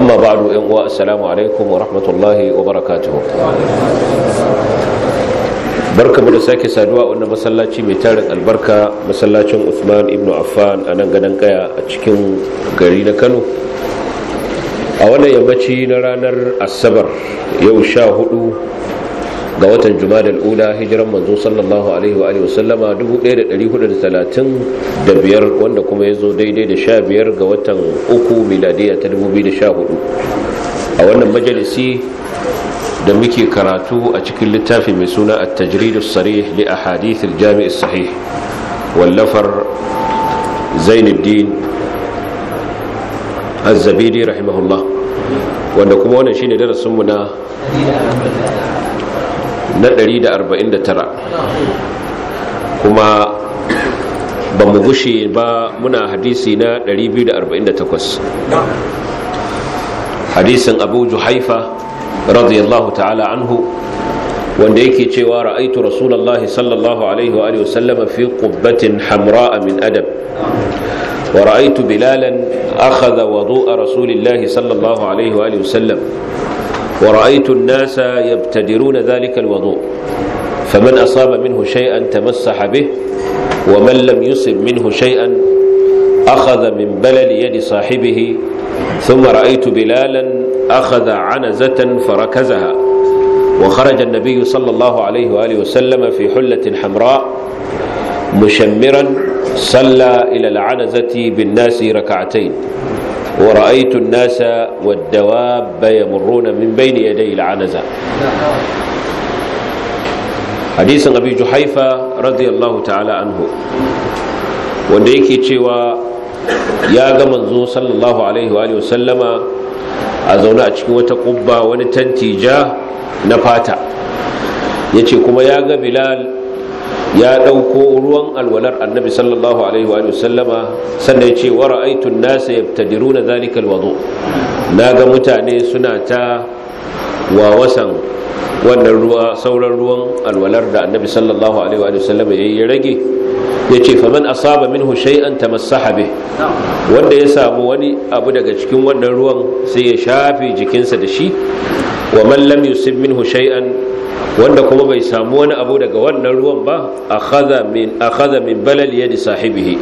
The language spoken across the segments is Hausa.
amma ba ba'du yan uwa assalamu alaikum wa rahmatullahi wa barakatuh barkamu da sake saduwa wannan masallaci mai tarin albarka masallacin Usman ibn Affan a nan ganin kaya a cikin gari na Kano a wannan yammaci na ranar Asabar yau sha hudu ga watan juma'a ula hijiran manzo sallallahu alaihi wa alihi wasallama 1435 wanda kuma ya zo daidai da 15 ga watan uku miladiya ta 2014 a wannan majalisi da muke karatu a cikin littafi mai suna at-tajridus sarih li ahadith al-jami' as-sahih wallafar Zainuddin Az-Zabidi rahimahullah wanda kuma wannan shine darasin mu na na 149 kuma ba mu gushe ba muna hadisi na 248 hadisin abu juhaifa radiyallahu ta'ala anhu wanda yake cewa ra'aitu rasulullahi sallallahu alaihi wa alihi wasallama fi qubbatin hamra min adam wa ra'aitu bilalan akhadha wudu'a rasulillahi sallallahu alaihi wa alihi wasallam ورأيت الناس يبتدرون ذلك الوضوء فمن أصاب منه شيئا تمسح به ومن لم يصب منه شيئا أخذ من بلل يد صاحبه ثم رأيت بلالا أخذ عنزة فركزها وخرج النبي صلى الله عليه وآله وسلم في حلة حمراء مشمرا صلى إلى العنزة بالناس ركعتين ورأيت الناس والدواب يمرون من بين يدي العنزة حديث أبي جحيفة رضي الله تعالى عنه وديكي تشوى يا منزو صلى الله عليه وآله وسلم أزونا أتشكي وتقبى ونتنتي جاه نفاتا يتشي كما يا بلال ya ɗauko ruwan alwalar annabi sallallahu alaihi wa sallama sannan ya ce wa ra'aitun nasa yabtadiruna zalikal wudu na ga mutane suna ta wawasan wannan ruwa sauran ruwan alwalar da annabi sallallahu alaihi wa sallama yayi rage ya ce faman asaba minhu shay'an tamassaha bih wanda ya samu wani abu daga cikin wannan ruwan sai ya shafe jikinsa da shi wa man lam yusib minhu shay'an wanda kuma bai samu wani abu daga wannan ruwan ba akhadha min akhadha min balal yadi sahibihi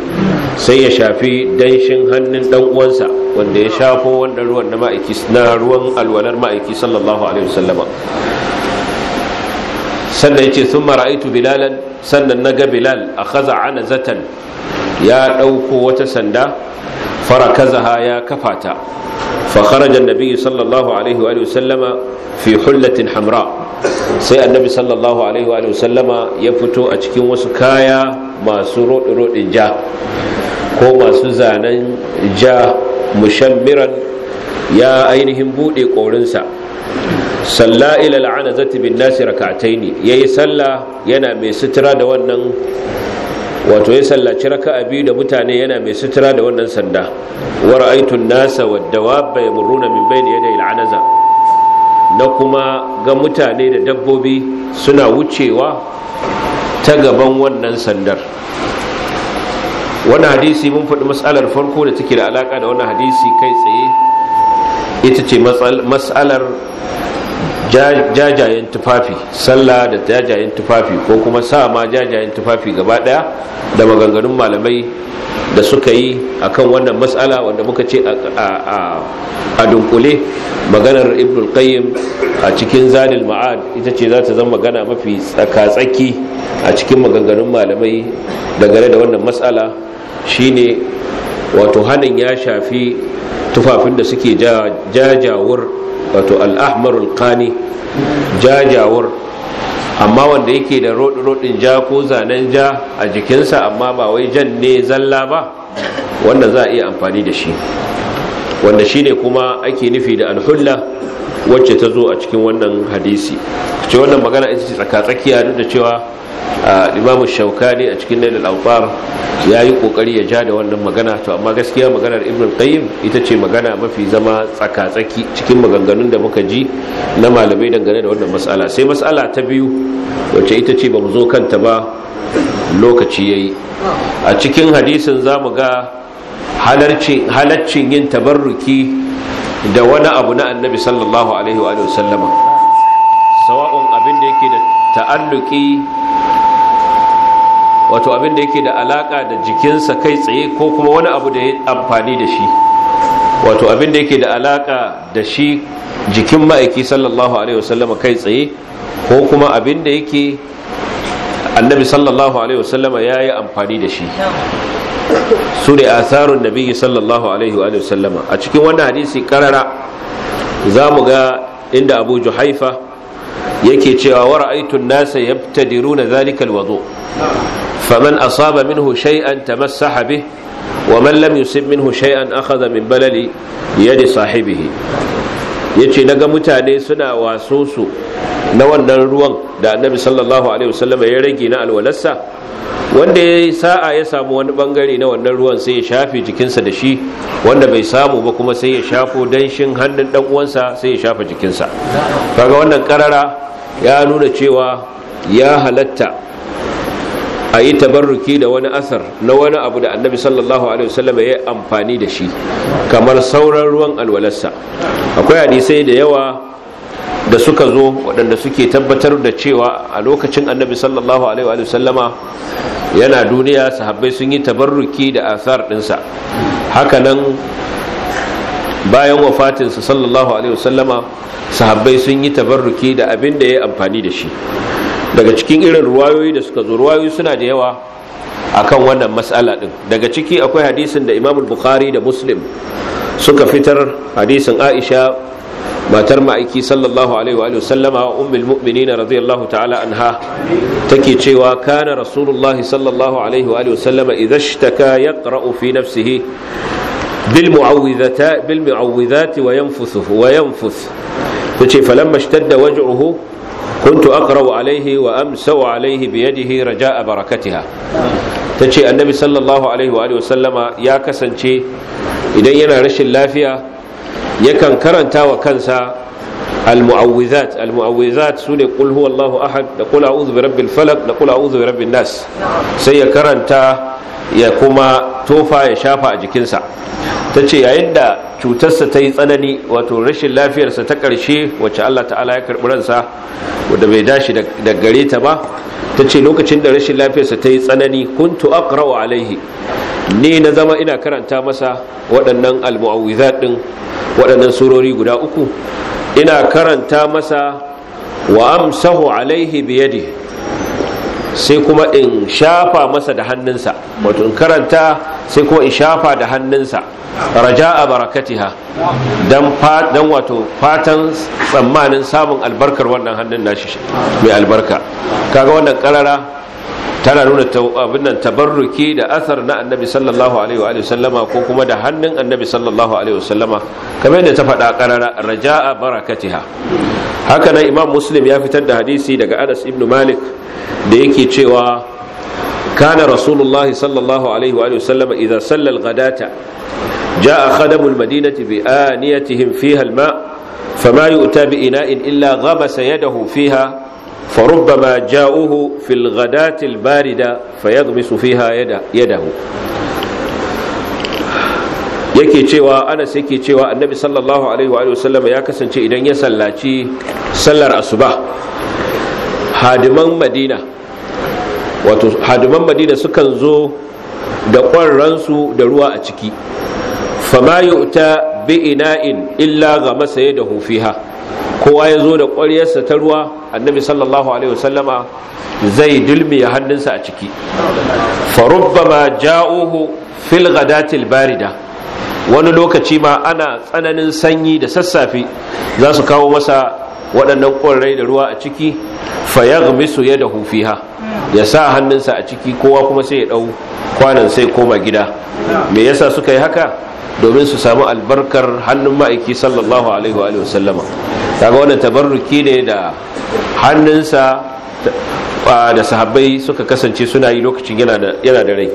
sai ya shafi danshin hannun dan uwansa wanda ya shafo wannan ruwan na ma'aiki na ruwan alwalar ma'aiki sallallahu alaihi wasallama sannan ya ce sun mara'aitu bilalan sannan na ga bilal a kaza ana zatan ya ɗauko wata sanda farakazaha ya kafa ta fakharajan nabi sallallahu alaihi wa sallama fi hullatin hamra sai annabi sallallahu alaihi wa sallama ya fito a cikin wasu kaya masu roɗi-roɗin ja ko masu zanen ja mushammiran ya ainihin buɗe ƙorinsa salla ila al'anazati bin nasi rak'ataini yayi salla yana mai sutura da wannan wato ya sallaci raka'a biyu da mutane yana mai sutura da wannan sanda wa ra'aytu an-nasa wad-dawabba yamurruna min bayni yaday al'anaza na kuma ga mutane da dabbobi suna wucewa ta gaban wannan sandar wannan hadisi mun faɗi matsalar farko da take da alaƙa da wannan hadisi kai tsaye ita ce matsalar jajayen tufafi sallah da jajayen tufafi ko kuma sa ma jajayen tufafi gaba daya da maganganun malamai da suka yi akan wannan matsala wanda muka ce a dunkule maganar ibnul qayyim a cikin zalil ma'ad ita ce za ta zama magana mafi tsaka-tsaki a cikin maganganun malamai dangane da wannan matsala shine wato hannun ya shafi tufafin da suke jajawar wato al'ahmarul kani jajawar amma wanda yake da roɗi-roɗin ja ko zanen ja a jikinsa amma ba wai jan ne zalla ba wanda za a iya amfani da shi wanda shi ne kuma ake nufi da alhulla wacce ta zo a cikin wannan hadisi ce wannan magana ita ce tsakatsakiya duk da cewa imamu shaukani a cikin nailal alfar ya yi kokari ya ja da wannan magana to amma gaskiya maganar ibn qayyim ita ce magana mafi zama tsakatsaki cikin maganganun da muka ji na malamai dangane da wannan mas'ala sai mas'ala ta biyu wacce ita ce ba mu zo kanta ba lokaci yayi a cikin hadisin za mu ga halarcin yin tabarruki da wani abu na annabi sallallahu alaihi wa sallama sawa'un abin da yake da ta'alluki wato abin da yake da alaka da jikinsa kai tsaye ko kuma wani abu da ya amfani da shi wato abin da yake da alaka da shi jikin ma'aiki sallallahu alaihi wasallama kai tsaye ko kuma abin da yake annabi sallallahu alaihi wasallama ya yi amfani da shi su ne asarun nabi sallallahu alaihi wa sallama a cikin wannan hadisi karara za mu ga inda abu juhaifa yake cewa wa ra'aytu nasa yabtadiruna dhalika al faman asaba minhu shay'an tamassaha bih wa man lam yusib minhu shay'an akhadha min balali yadi sahibihi Ya ce na ga mutane suna waso su na wannan ruwan da annabi sallallahu alaihi wasallam ya rage na alwalarsa wanda ya yi sa'a ya samu wani bangare na wannan ruwan sai ya shafe jikinsa da shi wanda bai samu ba kuma sai ya shafo danshin hannun dan uwansa sai ya shafa jikinsa kaga wannan karara ya nuna cewa ya halatta a yi tabarruki da wani asar na wani abu da annabi sallallahu alaihi wasallam ya amfani da shi kamar sauran ruwan alwalarsa akwai hadisai da yawa da suka zo waɗanda suke tabbatar da cewa a lokacin annabi sallallahu alaihi wasallama yana duniya sahabbai sun yi tabarruki da asar ɗinsa Haka nan, bayan wafatinsa sallallahu alaihi wasallama sahabbai sun yi tabarruki da abin da ya yi amfani da shi daga cikin irin ruwayoyi da suka zo ruwayoyi suna da yawa akan wannan mas'ala din daga ciki akwai hadisin da Imam Bukhari da Muslim suka fitar hadisin Aisha matar ma'aiki sallallahu alaihi wa sallama wa ummul mu'minin radiyallahu ta'ala anha take cewa kana rasulullahi sallallahu alaihi wa sallama idza ishtaka yaqra'u fi nafsihi بالمعوذات بالمعوذات وينفث وينفث فلما اشتد وجعه kuntu aqra'u alaihi wa amsau alaihi bi yadihi raja'a barakatiha tace annabi sallallahu alaihi wa alihi sallama ya kasance idan yana rashin lafiya yakan karanta wa kansa المعوذات المعوذات سوني Ahad da الله أحد نقول أعوذ da الفلق نقول أعوذ Nas sai ya karanta. ya kuma tofa ya shafa a jikinsa ta ce yayin da cutarsa ta yi tsanani wato rashin lafiyarsa ta ƙarshe wacce allah ta'ala ya karɓi ransa wadda bai dashi da gare ta ba ta ce lokacin da rashin lafiyarsa ta yi tsanani kuntu aqra'u alaihi ni na zama ina karanta masa waɗannan almu'awizat din waɗannan surori guda uku ina karanta masa wa amsahu alaihi biyadi sai kuma in shafa masa da hannunsa wato in karanta sai kuma in shafa da hannunsa a barakatiha dan dan wato fatan tsammanin samun albarkar wannan hannun nashi mai albarka kaga wannan karara tana nuna abin nan tabarruki da asar na annabi sallallahu alaihi wa sallama ko kuma da hannun annabi sallallahu alaihi wa sallama kamar yadda ta faɗa karara raja'a barakatiha haka nan imam muslim ya fitar da hadisi daga anas ibn malik da yake cewa kana rasulullahi sallallahu alaihi wa sallama idza salla ghadata jaa khadamul madinati bi aniyatihim fiha al-ma' fama yu'ta bi ina'in illa ghamasa yadahu fiha فربما جاءوه في الغداة الباردة فيغمس فيها يده, yake cewa anas ke cewa annabi sallallahu alaihi wa sallam ya kasance idan ya sallaci sallar asuba hadiman madina wato hadiman madina sukan zo da ƙwarransu da ruwa a ciki fama yu'ta bi ina'in illa ga masa da hufiha kowa ya zo da ƙwaryarsa ta ruwa annabi sallallahu alaihi wasallama zai dulmiya hannunsa a ciki farubbama ja'uhu fil ghadatil barida wani lokaci ma ana tsananin sanyi da sassafe za su kawo masa waɗannan ƙwarai da ruwa a ciki fayagmisu ya da hufiha ya sa hannunsa a ciki kowa kuma sai ya ɗau kwanan sai koma gida me yasa suka yi haka domin su samu albarkar hannun ma'aiki sallallahu alaihi wa sallama kaga wannan tabarruki ne da hannunsa da sahabbai suka kasance suna yi lokacin yana da rai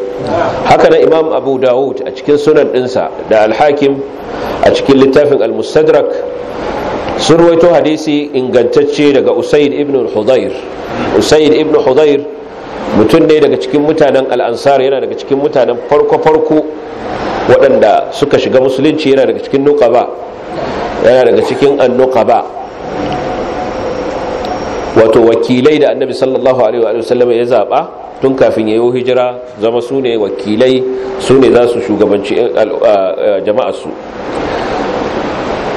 haka na imam abu dawud a cikin sunan ɗinsa da alhakim a cikin littafin al-mustadrak sun ruwaito hadisi ingantacce daga usaid ibn hudayr usaid ibn hudayr mutum ne daga cikin mutanen al'ansar yana daga cikin mutanen farko-farko waɗanda suka shiga musulunci yana daga cikin ba yana daga cikin ba. wato wakilai da annabi sallallahu alaihi wa sallam ya zaba tun kafin yayo hijira zama su ne wakilai su ne za su shugabanci eh, ah, ah, jama'arsu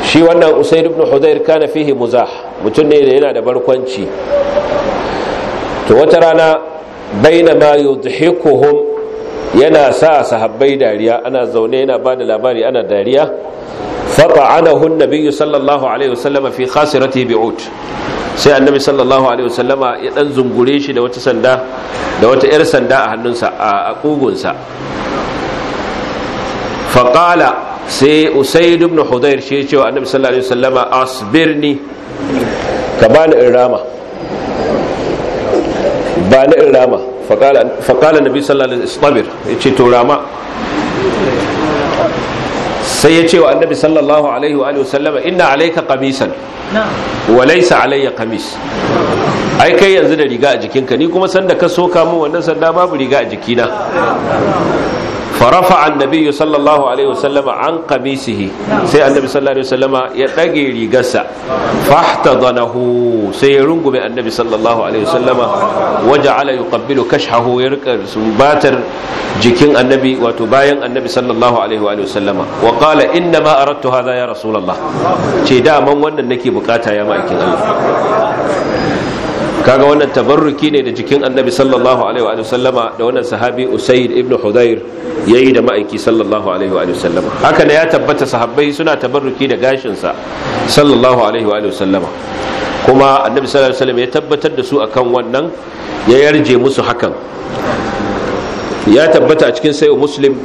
su shi wannan usaid ibn hudair kana fihi muzah mutum ne da yana da barkwanci to wata rana bainama yudhikuhum yana sa sahabbai dariya ana zaune yana ba da labari ana dariya fata'anahu an-nabiy sallallahu alaihi wasallam fi khasirati bi'ut. sai annabi sallallahu alaihi wasallam ya dan zungure shi da wata sanda da wata yar sanda a hannunsa a kugunsa faqala sai usayd ibn hudayr shi ya ce wa annabi sallallahu alaihi wasallam asbirni ka bani in rama ba ni in rama faƙala nabi sallallahu alaihi istabir ya ce turama sai ya ce wa annabi sallallahu alaihi wa sallama inna alaika qamisan wa laysa alayya qamis ai kai yanzu da riga a jikinka ni kuma sanda ka soka min wannan sanda babu riga a jikina farafa annabi sallallahu alaihi wasallama an qamisihi sai annabi sallallahu alaihi wasallama ya dage rigarsa fahtadanahu sai ya rungume annabi sallallahu alaihi wasallama waja'ala yuqabbilu kashhahu ya rika sumbatar jikin annabi wato bayan annabi sallallahu alaihi wa wasallama wa qala inna ma aradtu hadha ya rasulullah ce da man wannan nake bukata ya ma'aikin Allah kaga wannan tabarruki ne da jikin annabi sallallahu alaihi wa sallama da wannan sahabi usaid ibn hudayr yayi da ma'aiki sallallahu alaihi wa sallama haka ne ya tabbata sahabbai suna tabarruki da gashin sa sallallahu alaihi wa sallama kuma annabi sallallahu alaihi wa sallam ya tabbatar da su akan wannan ya yarje musu hakan ya tabbata a cikin sayo muslim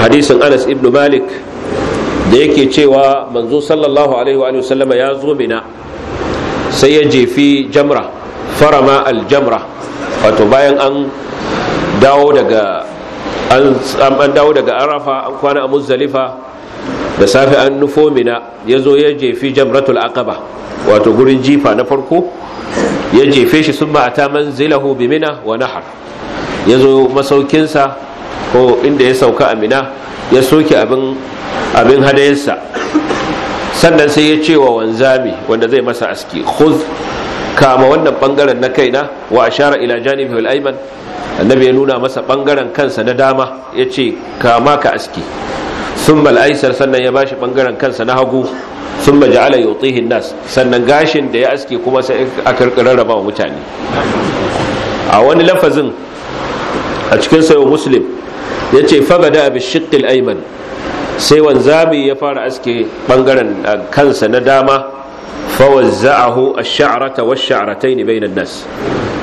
hadisin anas ibn malik da yake cewa manzo sallallahu alaihi wa sallama ya zo mina sai ya jefi jamra farama aljamra wato bayan an dawo daga an dawo daga arafa an kwana a muzalifa da safe an nufo mina ya zo ya jefi jamratul aqaba wato gurin jifa na farko ya jefe shi sun ma'ata manzilahu bi mina wa nahar ya zo masaukinsa ko inda ya sauka a mina ya soke abin hadayensa sannan sai ya ce wa wanzami wanda zai masa aski kama wannan bangaren na kaina wa ashara ila janibi wal ayman annabi ya nuna masa bangaren kansa na dama yace kama ka aski thumma al aysar sannan ya bashi bangaren kansa na hagu thumma ja'ala yutihi nas sannan gashin da ya aske kuma sai aka rarraba wa mutane a wani lafazin a cikin sayo muslim yace fa bada bi al ayman sai wanzami ya fara aske bangaren eh, kansa na dama فوزعه الشعرة والشعرتين بين الناس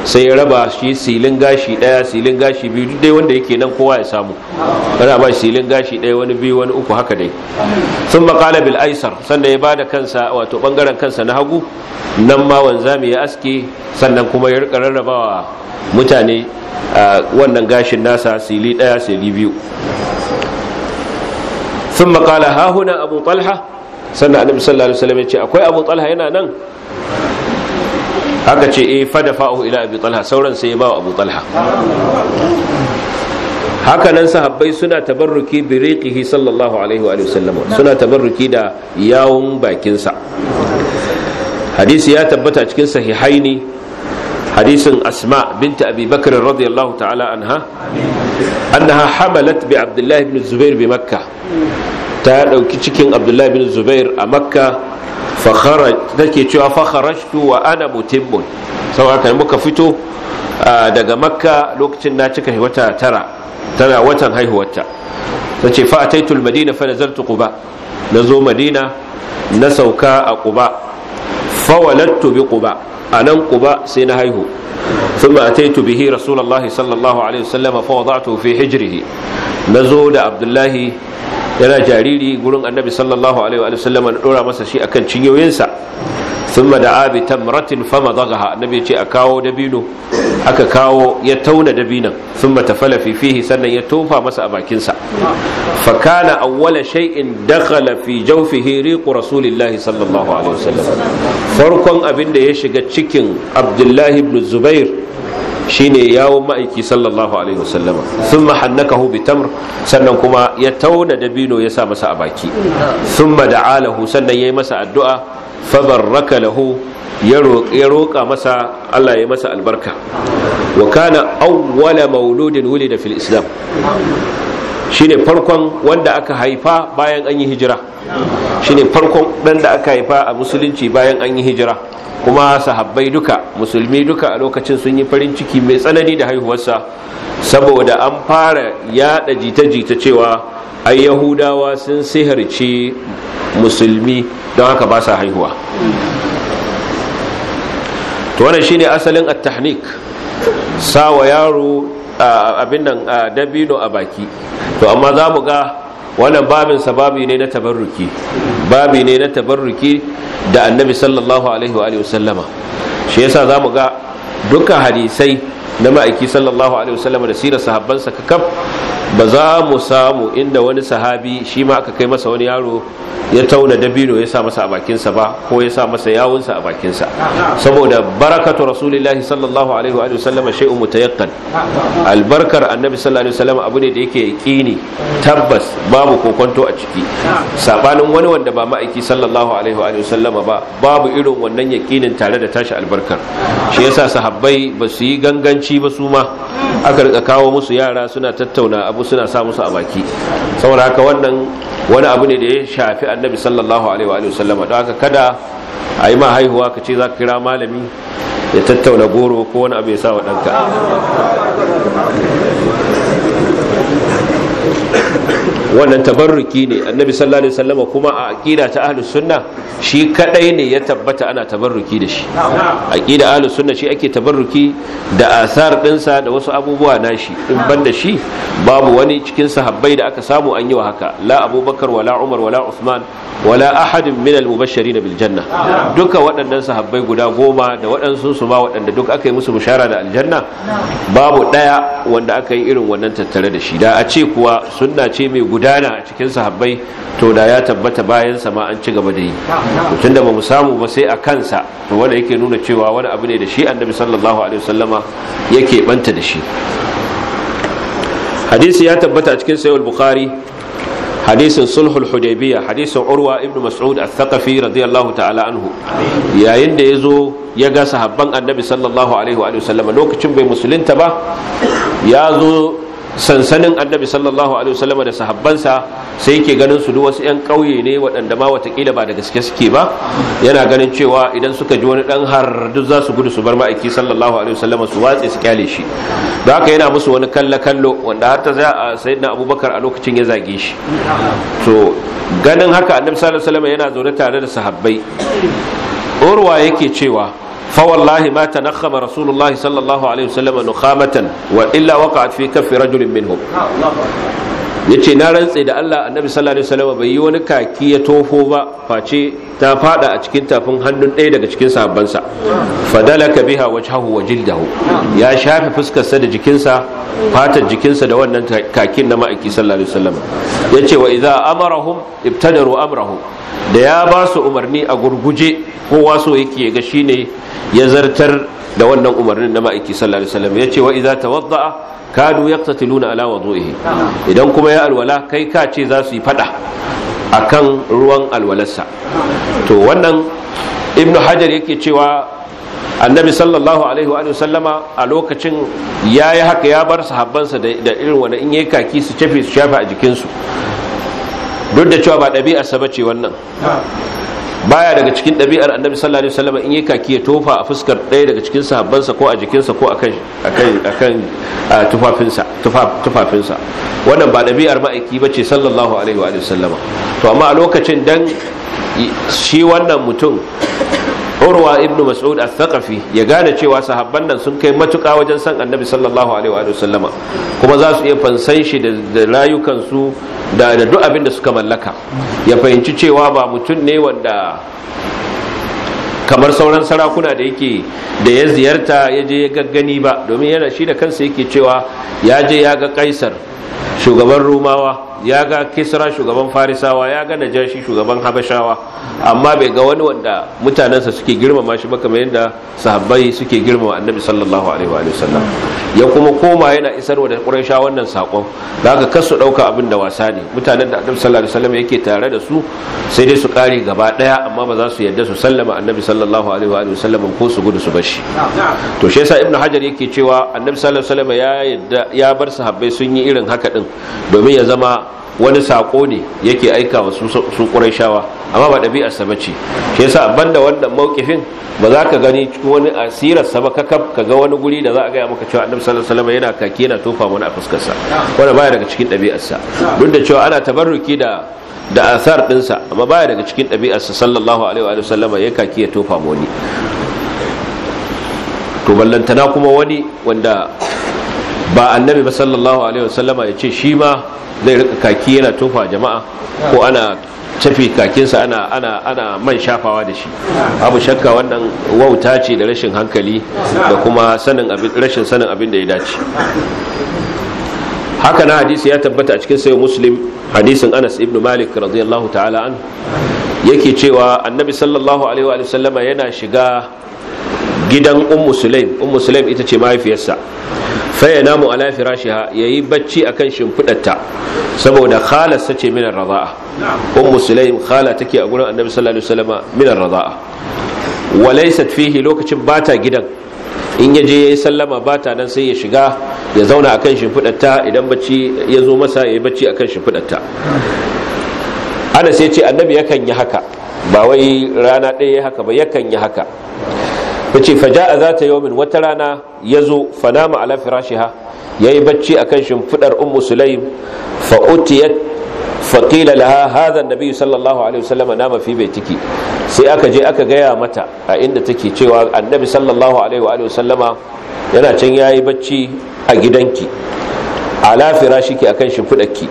sai ya raba shi silin gashi daya silin gashi biyu duk dai wanda yake nan kowa ya samu ana ba silin gashi daya wani biyu wani uku haka dai sun makala bil aisar sannan ya bada kansa wato bangaren kansa na hagu nan ma wanzami ya aske sannan kuma ya rika wa mutane wannan gashin nasa sili daya sili biyu sun makala hahuna abu talha sannan annabi sallallahu alaihi wasallam ya ce akwai abu talha yana nan haka ce eh fada fa'ahu ila abi talha sauran sai ya ba abu talha haka nan sahabbai suna tabarruki bi riqihi sallallahu alaihi wa sallam suna tabarruki da yawun bakinsa hadisi ya tabbata cikin sahihaini hadisin asma bint abi bakr radiyallahu ta'ala anha annaha hamalat bi abdullah ibn zubair bi makkah ta ɗauki cikin abdullahi bin zubair a makka take cewa fakharashtu wa ana mutimmun sau haka muka fito daga makka lokacin na cika wata tara tana watan haihuwarta ta ce fa'ataitul madina fa nazartu quba na zo madina na sauka a quba fawalattu bi quba a nan quba sai na haihu ثم أتيت به رسول الله صلى الله عليه وسلم فوضعته في حجره نزول عبد الله yana jariri gurin annabi sallallahu alaihi wa sallam an dora masa shi akan cinyoyinsa thumma da'a bi tamratin famadaghaha annabi ce a kawo dabino aka kawo ya tauna dabinan thumma tafala fi fihi sannan ya tofa masa a bakin sa fa kana awwala shay'in dakhala fi jawfihi riqu rasulillahi sallallahu alaihi wa sallam farkon abin da ya shiga cikin abdullahi ibn zubair shine yawon ma'aiki sallallahu alaihi wasallama sun mahannakahu bi tamr sannan kuma ya tauna dabino ya sa masa a baki sun mada'alahu sannan ya yi masa addu'a fabarraka lahu ya roƙa masa Allah ya masa albarka wa kana awwala mauludin wulida fil islam shine farkon wanda aka haifa bayan an yi hijira shine farkon dan da aka haifa a musulunci bayan an yi hijira kuma sahabbai duka musulmi duka a lokacin sun yi farin ciki mai tsanani da haihuwarsa saboda an fara yada jita-jita cewa ai yahudawa sun siharci musulmi don haka ba sa haihuwa to wannan shine asalin at-tahnik sawa yaro abin nan dabino a baki to amma za mu ga wannan babin sababi ne na tabarruki babi ne na tabarruki da annabi sallallahu alaihi wa sallama shi yasa za mu ga dukkan hadisai na ma'aiki sallallahu alaihi wasallam da sirar sahabbansa kakaf ba za mu samu inda wani sahabi shi ma aka kai masa wani yaro ya tauna dabino ya sa masa a bakinsa ba ko ya sa masa yawunsa a bakinsa saboda barakatu rasulillahi sallallahu alaihi wa sallam shay'un mutayakkan albarkar annabi sallallahu alaihi wasallam abu ne da yake yaƙini tabbas babu kokonto a ciki sabanin wani wanda ba ma'aiki sallallahu alaihi wa sallama ba babu irin wannan yaƙinin tare da tashi albarkar shi yasa sahabbai ba su yi ganganci turanci ba su ma aka rika kawo musu yara suna tattauna abu suna sa musu a baki saboda haka wannan wani abu ne da ya shafi annabi sallallahu alaihi wa sallama don haka kada a yi ma haihuwa ka ce za ka kira malami ya tattauna goro ko wani abu ya sa wa ɗanka wannan tabarruki ne annabi sallallahu alaihi wasallama kuma a aqida ta ahlus sunna shi kadai ne ya tabbata ana tabarruki da shi aqida ahlus sunna shi ake tabarruki da asar dinsa da wasu abubuwa nashi in banda shi babu wani cikin sahabbai da aka samu an yi wa haka la abubakar wala umar wala usman wala ahadin min al-mubashirin bil janna duka waɗannan sahabbai guda goma da waɗansu su ma waɗanda duk aka yi musu bushara da aljanna babu daya wanda aka yi irin wannan tattare da shi da a ce kuwa su sunna ce mai gudana a cikin sahabbai to da ya tabbata bayan sama an ci gaba da yi mutum da ba mu samu ba sai a kansa to wanda yake nuna cewa wani abu ne da shi annabi sallallahu alaihi wasallama yake banta da shi hadisi ya tabbata a cikin sahih bukhari hadisin sulhul hudaybiyah hadisin urwa ibnu mas'ud al-thaqafi radiyallahu ta'ala anhu yayin da yazo ya ga sahabban annabi sallallahu alaihi wa lokacin bai musulunta ba ya zo sansanin annabi sallallahu alaihi wasallam da sahabbansa sai yake ganin su duk wasu yan ƙauye ne waɗanda ma watakila ba da gaske suke ba yana ganin cewa idan suka ji wani dan har duk za su gudu su bar ma'aiki sallallahu alaihi wasallam su watse su kyale shi da haka yana musu wani kalla kallo wanda har ta za a sayyidina abubakar a lokacin ya zage shi So ganin haka annabi sallallahu alaihi wasallam yana zaune tare da sahabbai urwa yake cewa فوالله ما تنخم رسول الله صلى الله عليه وسلم نخامة وإلا وقعت في كف رجل منهم ya ce na rantse da Allah annabi sallallahu alaihi wasallam bai yi wani kaki ya toho ba face ta fada a cikin tafin hannun ɗaya daga cikin sahabbansa fadalaka biha wajhahu wa jildahu ya shafe sa da jikinsa fatar jikinsa da wannan kakin na ma'aiki sallallahu alaihi wasallam yace wa idza amarahum ibtadaru amrahu da ya ba su umarni a gurguje kowa so yake ga shine ya zartar da wannan umarnin na ma'aiki sallallahu alaihi wasallam yace wa idza tawadda'a kadu yaqtatiluna ala wudu'ihi idan kuma ya alwala kai ka ce za su yi fada akan ruwan alwalarsa to wannan ibnu hajar yake cewa annabi sallallahu alaihi wa sallama a lokacin ya yi haka ya bar sahabbansa da irin wani in yi kaki su cafe su shafa a jikinsu duk da cewa ba ɗabi'arsa ba ce wannan baya daga cikin ɗabi'ar annabi sallallahu alaihi wasallam in yi kaki ya tofa a fuskar ɗaya daga cikin sahabbansa ko a jikinsa ko akan akan tufafinsa wannan ba ɗabi'ar ma'aiki bace sallallahu alaihi wa to amma a lokacin dan shi wannan mutum urwa ibnu mas'ud al-thaqafi ya gane cewa sahabban nan sun kai matuƙa wajen san annabi sallallahu alaihi wa sallama kuma za su iya fansan shi da rayukan su da duk abin da suka mallaka ya fahimci cewa ba mutum ne wanda kamar sauran sarakuna da yake da ya ziyarta ya je ya gaggani ba domin yana shi da kansa yake cewa ya je ya ga kaisar shugaban rumawa ya ga kisra shugaban farisawa ya ga najashi shugaban habashawa amma bai ga wani wanda mutanensa suke girmama shi ba kamar yadda sahabbai suke girmama annabi sallallahu alaihi wa sallam ya kuma koma yana isarwa da quraisha wannan sakon da haka kar su dauka abin da wasa ne mutanen da annabi sallallahu alaihi wa sallam yake tare da su sai dai su kare gaba ɗaya amma ba za su yadda su sallama annabi sallallahu alaihi wa sallam ko su gudu su bashi to shi yasa ibnu hajar yake cewa annabi sallallahu alaihi wa sallam ya yadda ya bar sahabbai sun yi irin haka din domin ya zama wani sako ne yake aika wa su ƙuraishawa amma ba ɗabi'ar sa bace shi yasa banda wannan mawkifin ba za ka gani wani asirar sa ba ka ka ga wani guri da za a gaya maka cewa annabi sallallahu alaihi wasallam yana kaki yana tofa wani a fuskar sa wanda baya daga cikin ɗabi'ar sa duk da cewa ana tabarruki da da asar din sa amma baya daga cikin ɗabi'ar sa sallallahu alaihi wa sallam ya kaki ya tofa wani to ballantana kuma wani wanda ba annabi ba sallallahu alaihi wasallama ya ce shi ma zai rika kaki yana tofa jama'a ko ana tafi kakinsa ana ana ana man shafawa da shi abu shakka wannan wauta ce da rashin hankali da kuma sanin abin rashin sanin abin da ya dace haka na hadisi ya tabbata a cikin sayyid muslim hadisin anas ibn malik radiyallahu ta'ala an yake cewa annabi sallallahu alaihi wa sallama yana shiga gidan ummu sulaim ummu sulaim ita ce mahaifiyarsa fa ya namu ala firashiha yayi bacci akan shimfidarta saboda khalas ce minar raza'a ummu sulaim khala take a gurin annabi sallallahu alaihi wasallama minar raza'a walaysat fihi lokacin bata gidan in ya je yayi sallama bata nan sai ya shiga ya zauna akan shimfidarta idan bacci ya zo masa yayi bacci akan shimfidarta ana sai ce annabi yakan yi haka ba wai rana ɗaya haka ba yakan yi haka yace faja'a zata yawmin wata rana yazo fanama ala firashiha yayi bacci akan shimfidar ummu sulaim fa utiyat fa qila laha hadha an-nabi sallallahu alaihi wasallam nama fi baitiki sai aka je aka gaya mata a inda take cewa annabi sallallahu alaihi yana can yayi bacci a gidanki ala firashiki akan shimfidarki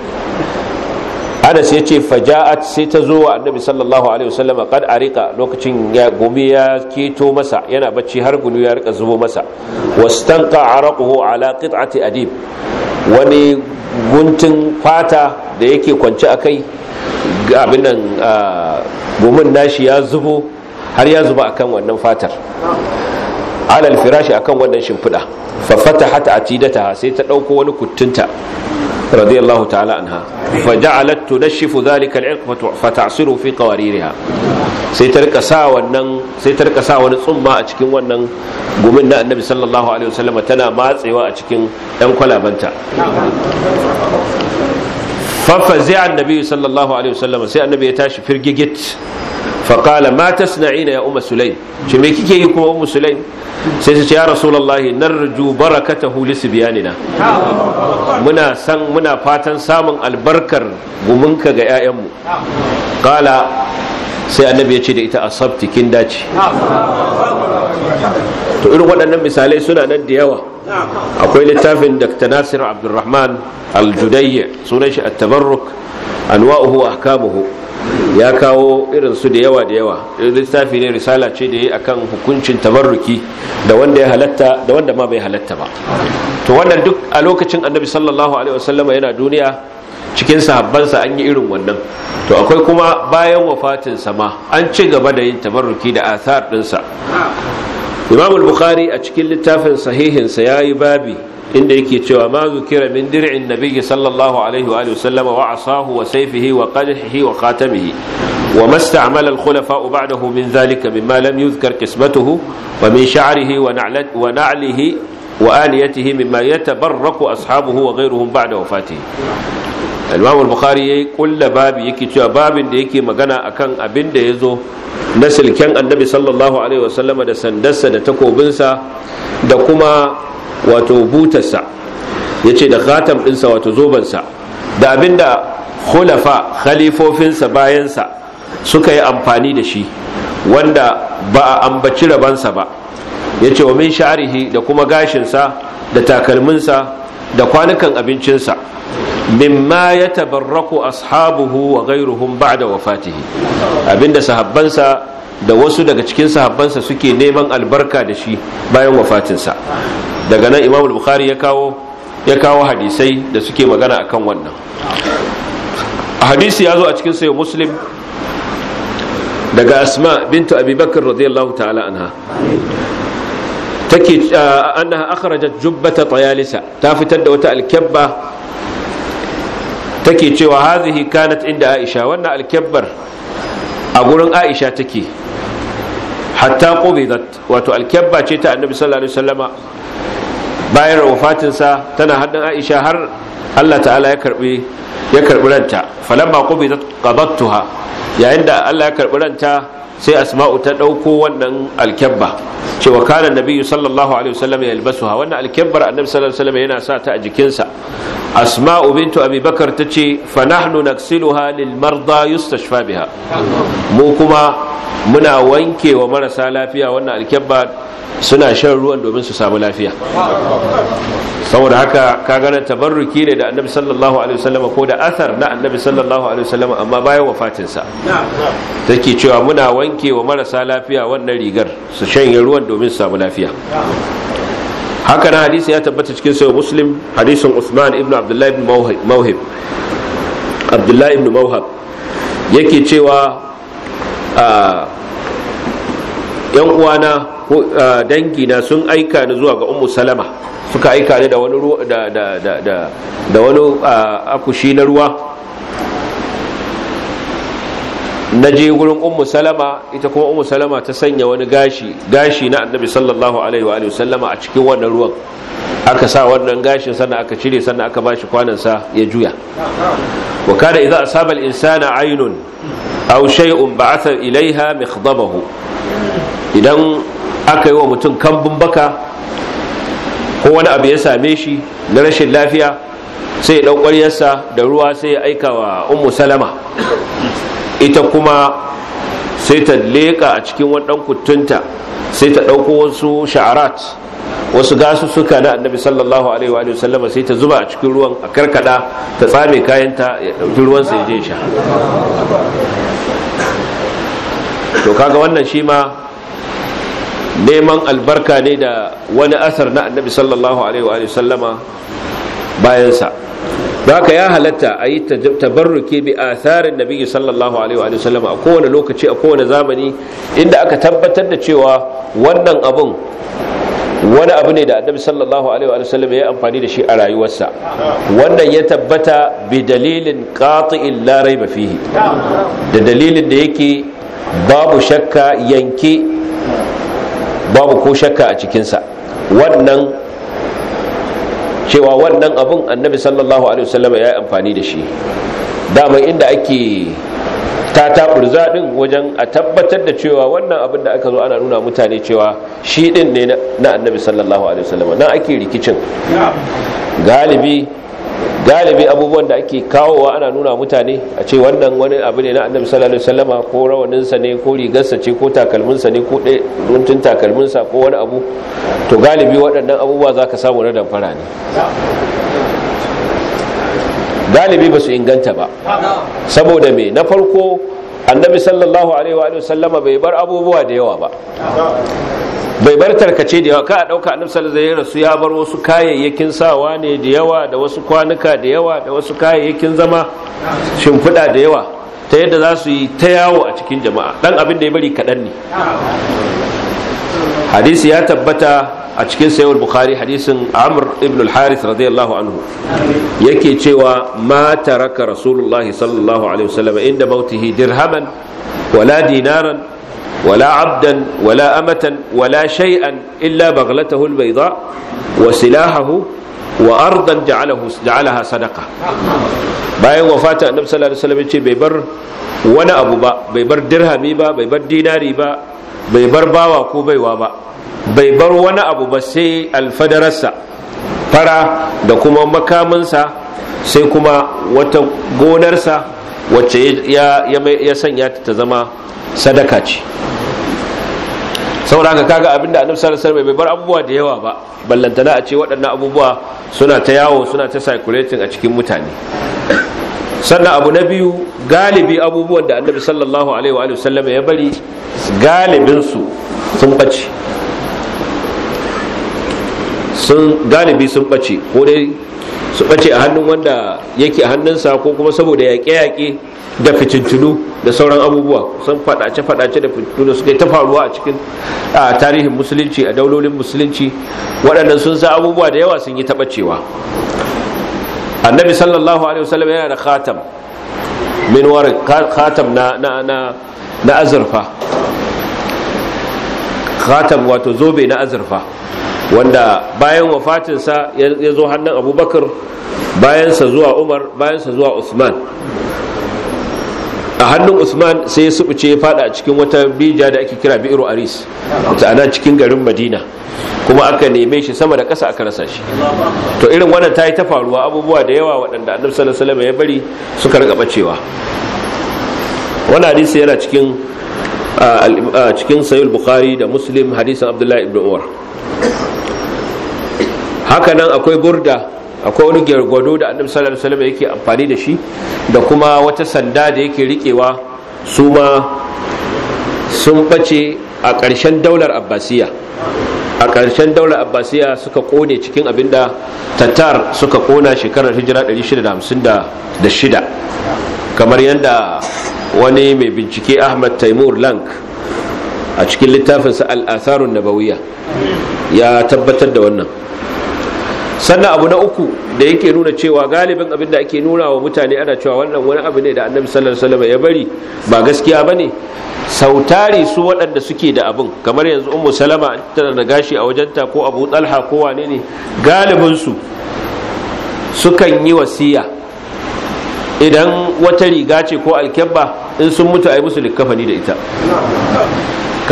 anas ya ce faja'at sai ta zo wa annabi sallallahu alaihi wasallam kad arika lokacin ya gumi ya keto masa yana bacci har gunu ya rika zubo masa wastanqa araquhu ala qit'ati adib wani guntun fata da yake kwance akai ga abin nan gumin nashi ya zubo har ya zuba akan wannan fatar alal firashi akan wannan shimfiɗa fa fatahat atidataha sai ta ɗauko wani kuttunta رضي الله تعالى عنها فجعلت تنشف ذلك العرق فتعصره في قواريرها سيترك ساوى النن سيترك ساوى ثم أتكين ونن قمنا النبي صلى الله عليه وسلم تنا ما سوى أتكين ينقل بنتا ففزع النبي صلى الله عليه وسلم سي النبي يتاشي فرقيت فقال ما تصنعين يا ام سليم شي me kike yi kuma ummu sulaim sai su ce ya rasulullahi narju barakatahu lisbiyanina muna san muna fatan samun albarkar gumunka ga ƴaƴanmu qala sai annabi ya ce da ita a Sabti kin dace to irin waɗannan misalai suna nan da yawa akwai littafin dr nasir abdulrahman al-judayya sunan shi at-tabarruk anwa'uhu ahkamuhu ya kawo irin su da yawa da yawa littafi ne risala ce da yi akan hukuncin tabarruki da wanda ya halatta da wanda ma bai halatta ba to wannan duk a lokacin annabi sallallahu alaihi wasallama yana duniya cikin sahabbansa an yi irin wannan to akwai kuma bayan wafatin sama an ci gaba da yin tabarruki da athar dinsa imam al-bukhari a cikin littafin sahihinsa ya yi babi inda yake cewa ma zukira min dir'in nabiyyi sallallahu alaihi wa alihi sallama wa asahu wa sayfihi wa qadhihi wa qatamihi wa masta'mala al-khulafa ba'dahu min zalika mimma lam yuzkar kismatuhu wa min sha'rihi wa na'lihi wa aliyatihi mimma yatabarraku ashabuhu wa ghayruhum ba'da wafatihi al-imam al-bukhari yayi kulla babi yake cewa babin da yake magana akan abin da zo na silken annabi sallallahu alaihi wasallama da sandarsa da takobinsa da kuma wato butarsa yace da khatam ɗinsa wato zobansa da abin da hulafa khalifofinsa bayansa suka yi amfani da shi wanda ba a ambaci rabansa ba ya ce wa min sha'arihi da kuma gashinsa da takalminsa da kwanukan abincinsa mimma ya tabarraku ashabuhu wa ghairuhum ba'da wafatihi abinda sahabbansa da wasu daga cikin sahabbansa suke neman albarka da shi bayan wafatinsa daga nan imam bukhari ya kawo ya kawo hadisai da suke magana akan wannan hadisi ya zo a cikin sayo muslim daga asma bintu abubakar radiyallahu ta'ala anha take annaha akhrajat jubbata tayalisa ta fitar da wata alkabba take cewa hazihi kanat inda aisha wannan alkebbar a gurin aisha take hatta qubidat wato alkebba ce ta annabi sallallahu alaihi wasallama bayan sa tana hannun aisha har Allah ta'ala ya karbi ya karbi ranta falamma qubidat qadattuha yayin da Allah ya karbi ranta sai asma'u ta ɗauko wannan alkyabba cewa kana nabiyyu sallallahu alaihi wasallam ya yalbasuha wannan alkyabbar annabi sallallahu alaihi wasallam yana sa ta a jikinsa asma'u bintu abi bakar ta ce fa nahnu naksiluha lil marda yustashfa biha mu kuma muna wanke wa marasa lafiya wannan alkyabba suna shan ruwan domin su samu lafiya saboda haka ka gane tabarruki ne da annabi sallallahu alaihi wasallam ko da asar na annabi sallallahu alaihi wasallam amma bayan wafatinsa take cewa muna wanke wa marasa lafiya wannan rigar su shanye ruwan domin su samu lafiya haka na hadisi ya tabbata cikin sayo muslim hadisin usman ibn abdullahi ibn mawhib abdullahi ibn mawhab yake cewa ah, yan uwana ko dangina sun aika ni zuwa ga ummu salama suka aika ni da wani da da da da wani akushi na ruwa na je gurin ummu salama ita kuma ummu salama ta sanya wani gashi gashi na annabi sallallahu alaihi wa sallama a cikin wannan ruwan aka sa wannan gashin sannan aka cire sannan aka bashi kwanansa ya juya wa kana idza asaba al-insana aynun aw shay'un ba'atha ilayha mikhdabahu idan aka yi wa mutum kambun baka ko wani abu ya same shi na rashin lafiya sai ya ɗau ƙwaryarsa da ruwa sai ya aika wa ummu salama ita kuma sai ta leƙa a cikin wani kuttunta sai ta ɗauko wasu sha'arat wasu gasu gasussuka na annabi sallallahu alaihi wa sallama sai ta zuba a cikin ruwan a karkada ta tsame kayanta ya ɗauki ruwan sai je sha to kaga wannan shi ma neman albarka ne da wani asar na annabi sallallahu alaihi wa sallama bayansa haka ya halatta a yi tabarruke bi atharin nabi sallallahu alaihi wa sallama a kowane lokaci a kowane zamani inda aka tabbatar da cewa wannan abun wani abu ne da annabi sallallahu alaihi wa sallam ya amfani da shi a rayuwarsa wannan ya tabbata bi dalilin qati'in la raiba fihi da dalilin da yake babu shakka yanke babu ko shakka a cikinsa wannan cewa wannan abin annabi sallallahu alaihi wasallam ya yi amfani da shi dama inda ake tata burza din wajen a tabbatar da cewa wannan abin da aka zo ana nuna mutane cewa shi din ne na annabi sallallahu alaihi wasallam ake rikicin galibi galibi abubuwan da ake kawowa ana nuna mutane a ce wannan wani abu ne na annabi sallallahu alaihi wasallam ko rawaninsa ne ko rigarsa ce ko takalminsa ne ko runtun takalminsa ko wani abu to galibi waɗannan abubuwa za ka samu na damfara ne galibi ba su inganta ba saboda me na farko annabi sallallahu alaihi wasallam bai bar abubuwa da yawa ba bai bar tarkace da yawa ka a ɗauka annabi sallallahu alaihi rasu ya bar wasu kayayyakin sawa ne da yawa da wasu kwanuka da yawa da wasu kayayyakin zama shimfiɗa da yawa ta yadda za su yi ta yawo a cikin jama'a ɗan abin da ya bari kaɗan ne hadisi ya tabbata a cikin sayawar bukhari hadisin amr ibn al-harith radiyallahu anhu yake cewa ma taraka rasulullahi sallallahu alaihi wasallam inda mautihi dirhaman wala dinaran wala abdan wala amatan wala shai'an illa baghlatahu albayda wa silahahu wa ardan ja'alahu bayan wafata annabi sallallahu alaihi wasallam ce bai bar wani abu ba bai bar dirhami ba bai bar dinari ba bai bar bawa ko baiwa ba bai bar wani abu ba sai alfadararsa fara da kuma makaminsa sai kuma wata gonarsa wacce ya sanya ta zama sadaka ce saboda haka kaga abinda annabi sallallahu alaihi bai bar abubuwa da yawa ba ballantana a ce waɗannan abubuwa suna ta yawo suna ta circulating a cikin mutane sannan abu na biyu galibi abubuwan da annabi sallallahu alaihi wa sallam ya bari galibin su sun bace sun galibi sun bace ko dai su bace a hannun wanda yake a hannunsa ko kuma saboda yaƙe-yaƙe da fitintunu da sauran abubuwa sun fadace-fadace da fitintunu da suka ta faruwa a cikin tarihin musulunci a daulolin musulunci waɗannan sun sa abubuwa da yawa sun yi taɓacewa annabi sallallahu alaihi wasallam yana da khatam min war khatam na na na na azurfa khatam wato zobe na azurfa wanda bayan wafatinsa ya zo hannun abubakar bayansa zuwa umar bayansa zuwa usman a hannun usman sai su ce ya fada cikin wata bija da ake kira biro aris ta ana cikin garin madina kuma aka neme shi sama da kasa aka rasa shi to irin wannan ta yi ta faruwa abubuwa da yawa waɗanda annabi sallallahu alaihi ya bari suka rika bacewa wannan hadisi yana cikin cikin sahih bukhari da muslim hadisin abdullahi ibn umar haka nan akwai burda akwai wani gyargwado da annabi sallallahu alaihi wasallam yake amfani da shi da kuma wata sanda da yake riƙewa su ma sun bace a ƙarshen daular abbasiya a ƙarshen daular abbasiya suka kone cikin abinda tatar suka kona shekarar hijira 656 kamar yadda wani mai bincike ahmad taimur lank a cikin littafinsa al'asarun nabawiya ya tabbatar da wannan sannan abu na uku da yake nuna cewa galibin abin da ake nuna wa mutane ana cewa wannan wani abu ne da annabi sallallahu alaihi ya bari ba gaskiya bane sautari su waɗanda suke da abin kamar yanzu ummu salama tana da gashi a wajenta ko abu talha ko wane ne galibin su sukan yi wasiya idan wata riga ce ko alkyabba in sun mutu a yi musu likkafani da ita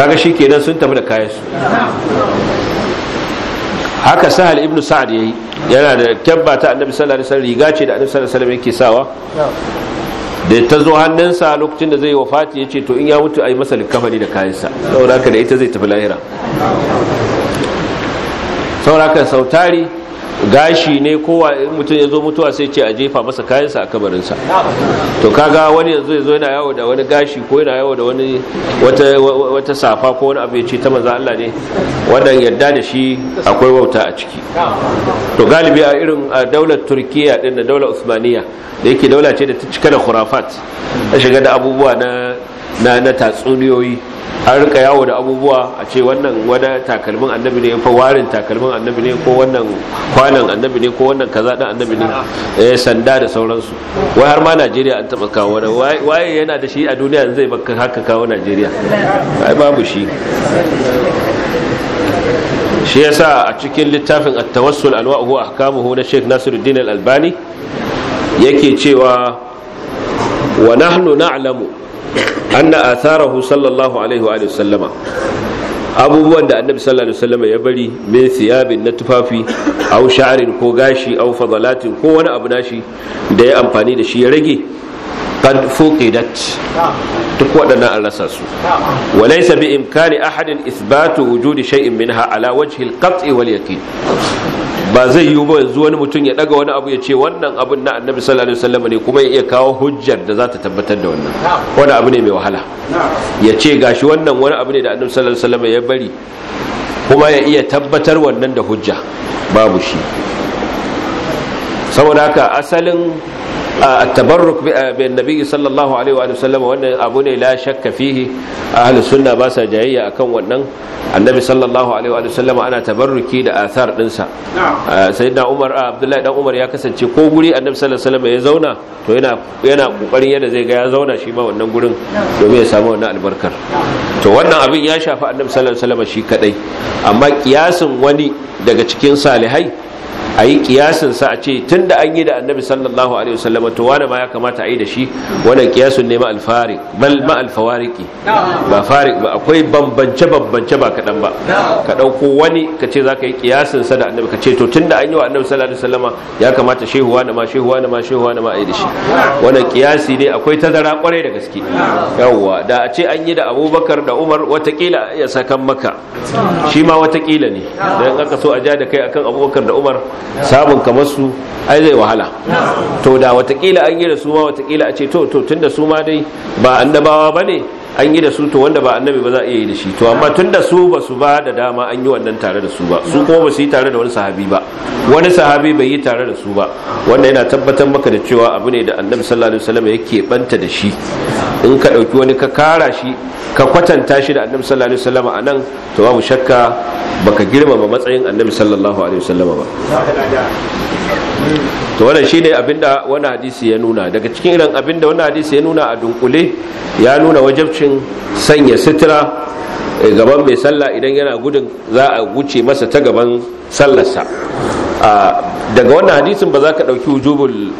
kaga shi kenan sun tafi da kayansu haka sahal ibn sa'ad yayi yana da tabba ta annabi sallallahu alaihi wasallam riga ce da annabi sallallahu alaihi wasallam yake sawa da ta zo hannunsa lokacin da zai wafati yace to in ya mutu ayi masa likafani da kayansa saboda haka da ita zai tafi lahira saboda haka sautari gashi ne kowa mutum ya zo mutuwa sai ce a jefa masa kayansa a kabarinsa to kaga wani yanzu ya zo yana yawo da wani gashi ko yana yawo da wani wata safa ko wani abu ya ce ta maza Allah ne wannan yadda da shi akwai wauta a ciki to galibi a irin a daular turkiya din da daular usmaniya da yake daula ce da ta cika da khurafat a shiga da abubuwa na na tatsuniyoyi an rika yawo da abubuwa a ce wannan wada takalmin annabi ne ko warin takalmin annabi ne ko wannan kwanan annabi ne ko wannan kaza din annabi ne eh sanda da sauransu wai har ma Najeriya an taba kawo wani waye yana da shi a duniya zai baka haka kawo Najeriya ai babu shi shi yasa a cikin littafin at-tawassul alwa'u ahkamuhu na Sheikh Nasiruddin Al-Albani yake cewa wa nahnu na'lamu anna atharahu sallallahu alaihi wa sallama abubuwan da annabi sallallahu alaihi wasallam ya bari min siyabin na tufafi aw sha'rin ko gashi aw fadalatin ko wani abu nashi da ya amfani da shi ya rage qad fuqidat duk waɗannan an rasa su wa laysa bi imkani ahadin ithbatu wujudi shay'in minha ala wajhi al-qat'i wal yaqin ba zai yiwu ba yanzu wani mutum ya daga wani abu ya ce wannan abin na annabi sallallahu alaihi wasallam ne kuma ya iya kawo hujjar da za ta tabbatar da wannan wani abu ne mai wahala ya ce gashi wannan wani abu ne da annabi sallallahu alaihi wasallam ya bari kuma ya iya tabbatar wannan da hujja babu shi saboda haka asalin A tabarruk bi annabi sallallahu alaihi wa sallam wannan abu ne la shakka fihi ahlus sunna ba sa jayayya akan wannan annabi sallallahu alaihi wa ana tabarruki da athar dinsa sayyidina umar abdullahi dan umar ya kasance ko guri annabi sallallahu ya zauna to yana yana kokarin yadda zai ga ya zauna shi ma wannan gurin domin ya samu wannan albarkar to wannan abin ya shafi annabi sallallahu alaihi shi kadai amma kiyasin wani daga cikin salihai a yi kiyasin sa a ce tun da an yi da annabi sallallahu alaihi wasallam to wane ma ya kamata a yi da shi wannan kiyasun ne ma'alfari bal ma'alfawariki ba fari ba akwai bambance bambance ba kaɗan ba ka dauko wani ka ce za ka yi kiyasin sa da annabi ka ce to tun da an yi wa annabi sallallahu alaihi wasallam ya kamata shehu wani ma shehu wane ma shehu wane ma a yi da shi wannan kiyasi ne akwai tazara kwarai da gaske yawwa da a ce an yi da abubakar da umar watakila ya sakan maka shi ma watakila ne don aka so a ja da kai akan abubakar da umar samun kamar su ai zai wahala to da watakila an yi da su ma watakila a ce to tun tunda su ma dai ba annabawa bane an yi da su to wanda ba annabi ba za a iya yi da shi to amma tun da su ba su ba da dama an yi wannan tare da su ba su kuma ba su yi tare da wani sahabi ba wani sahabi bai yi tare da su ba wanda yana tabbatar maka da cewa abu ne da annabi sallallahu alaihi wasallam yake banta da shi in ka dauki wani ka kara shi ka kwatanta shi da annabi sallallahu alaihi wasallam a nan to babu shakka baka girmama matsayin annabi sallallahu alaihi wasallam ba to wannan shine abinda wannan hadisi ya nuna daga cikin irin abinda wannan hadisi ya nuna a dunkule ya nuna wajabci lokacin sanya sitira eh, gaban mai sallah idan yana gudun za a guce masa ta gaban sallarsa daga wannan hadisin ba za ka ɗauki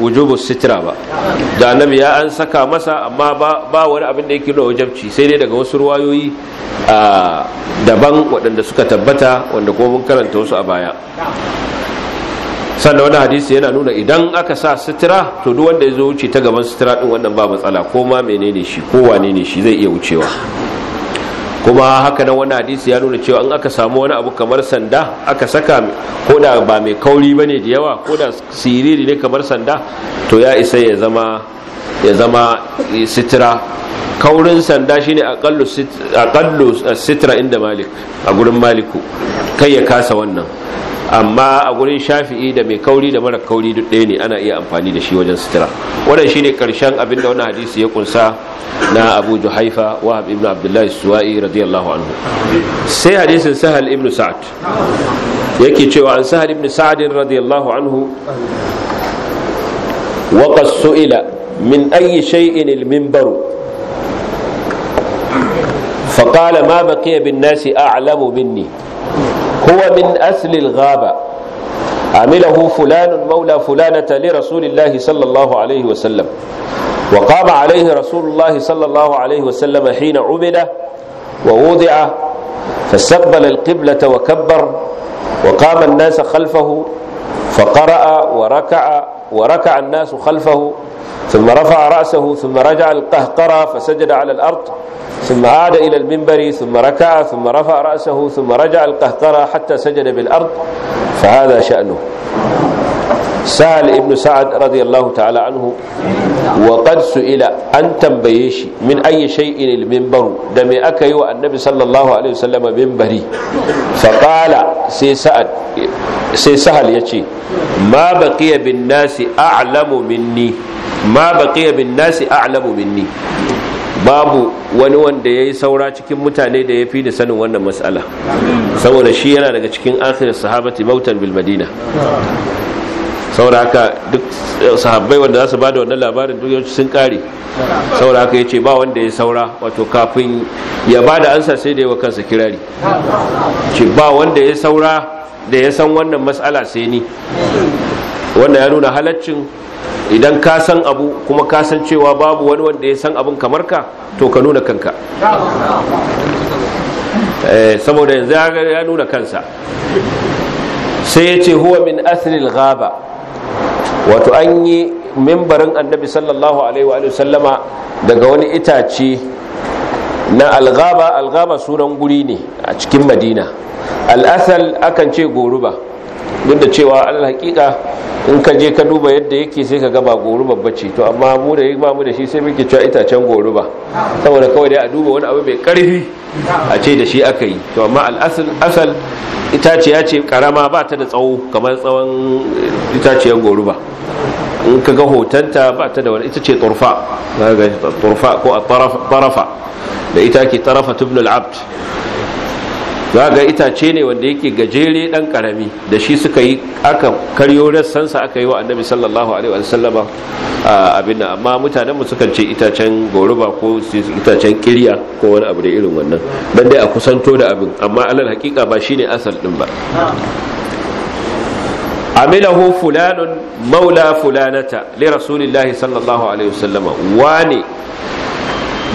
wujubul sitira ba da annabi ya an saka masa amma ba wani abin da yake nuna wajabci sai dai daga wasu ruwayoyi daban waɗanda suka tabbata wanda kuma mun karanta wasu a baya sannan wani hadisi yana nuna idan aka sa sutura to duk wanda ya zo wuce ta gaban sutura din wannan ba matsala ko ma menene shi ko wane ne shi zai iya wucewa kuma haka nan wani hadisi ya nuna cewa in aka samu wani abu kamar sanda aka saka ko da ba mai kauri ne da yawa ko da siriri ne kamar sanda to ya isa ya zama ya zama sitira kaurin sanda shine aqallu aqallu eh, inda malik a gurin maliku kai ya kasa wannan amma a gurin shafi'i da mai kauri da mara kauri duk ɗaya ne ana iya amfani da shi wajen sutura wannan shine karshen abin da wannan hadisi ya kunsa na Abu Juhaifa Wahab ibn Abdullah Suwa'i radiyallahu anhu sai hadisin Sahal ibn Sa'ad yake cewa an Sahal ibn Sa'ad radiyallahu anhu وقد سئل من أي شيء المنبر فقال ما بقي بالناس أعلم مني هو من أسل الغابة عمله فلان مولى فلانة لرسول الله صلى الله عليه وسلم وقام عليه رسول الله صلى الله عليه وسلم حين عبد ووضع فاستقبل القبلة وكبر وقام الناس خلفه فقرأ وركع وركع الناس خلفه ثم رفع رأسه ثم رجع القهقرة فسجد على الأرض ثم عاد إلى المنبر ثم ركع ثم رفع رأسه ثم رجع القهقرة حتى سجد بالأرض فهذا شأنه سأل ابن سعد رضي الله تعالى عنه وقد سئل أن تنبيش من أي شيء المنبر دم أكي النبي صلى الله عليه وسلم منبري فقال سي سعد سي سهل ما بقي بالناس أعلم مني ma baqiya bin nasi a'lamu minni babu wani wanda ya yi saura cikin mutane da ya fi da sanin wannan matsala saboda shi yana daga cikin akhirin sahabati mautan bil madina saboda haka duk sahabbai wanda za su ba da wannan labarin duk yawanci sun kare saboda haka ya ce ba wanda ya saura wato kafin ya ba da ansa sai da yawa kansa kirari ce ba wanda ya saura da ya san wannan matsala sai ni wannan ya nuna halaccin idan ka san abu kuma ka san cewa babu wani wanda ya san abin kamar ka to ka nuna kanka eh, saboda yanzu ya nuna kansa sai ya ce huwa min asiril gaba wato an yi membarin annabi sallallahu alaihi wa sallama daga wani itace na algaba algaba sunan guri ne a cikin madina al'asal akan ce goruba duk da cewa hakika. in ka je ka duba yadda yake sai ka gaba goruba bacci to amma mu da ba mu da shi sai muke cewa itacen goruba saboda kawai dai a duba wani abu mai karfi a ce da shi aka yi to amma al'asal asal itaciya ce karama ba ta da tsawo kamar tsawon itaciyar goruba in ka ga hotonta ba ta da wani ita ce turfa turfa ko tarafa da ita ke tarafa tubnul abd za ga itace ne wanda yake gajere dan karami da shi suka yi aka karyo rassansa aka yi wa annabi sallallahu alaihi wasallama abin nan amma mutanen mu sukan ce itacen goruba ko itacen kirya ko wani abu da irin wannan dan dai a kusanto da abin amma alal hakika ba shine asal din ba amilahu fulanun maula fulanata li rasulillahi sallallahu alaihi wasallama wani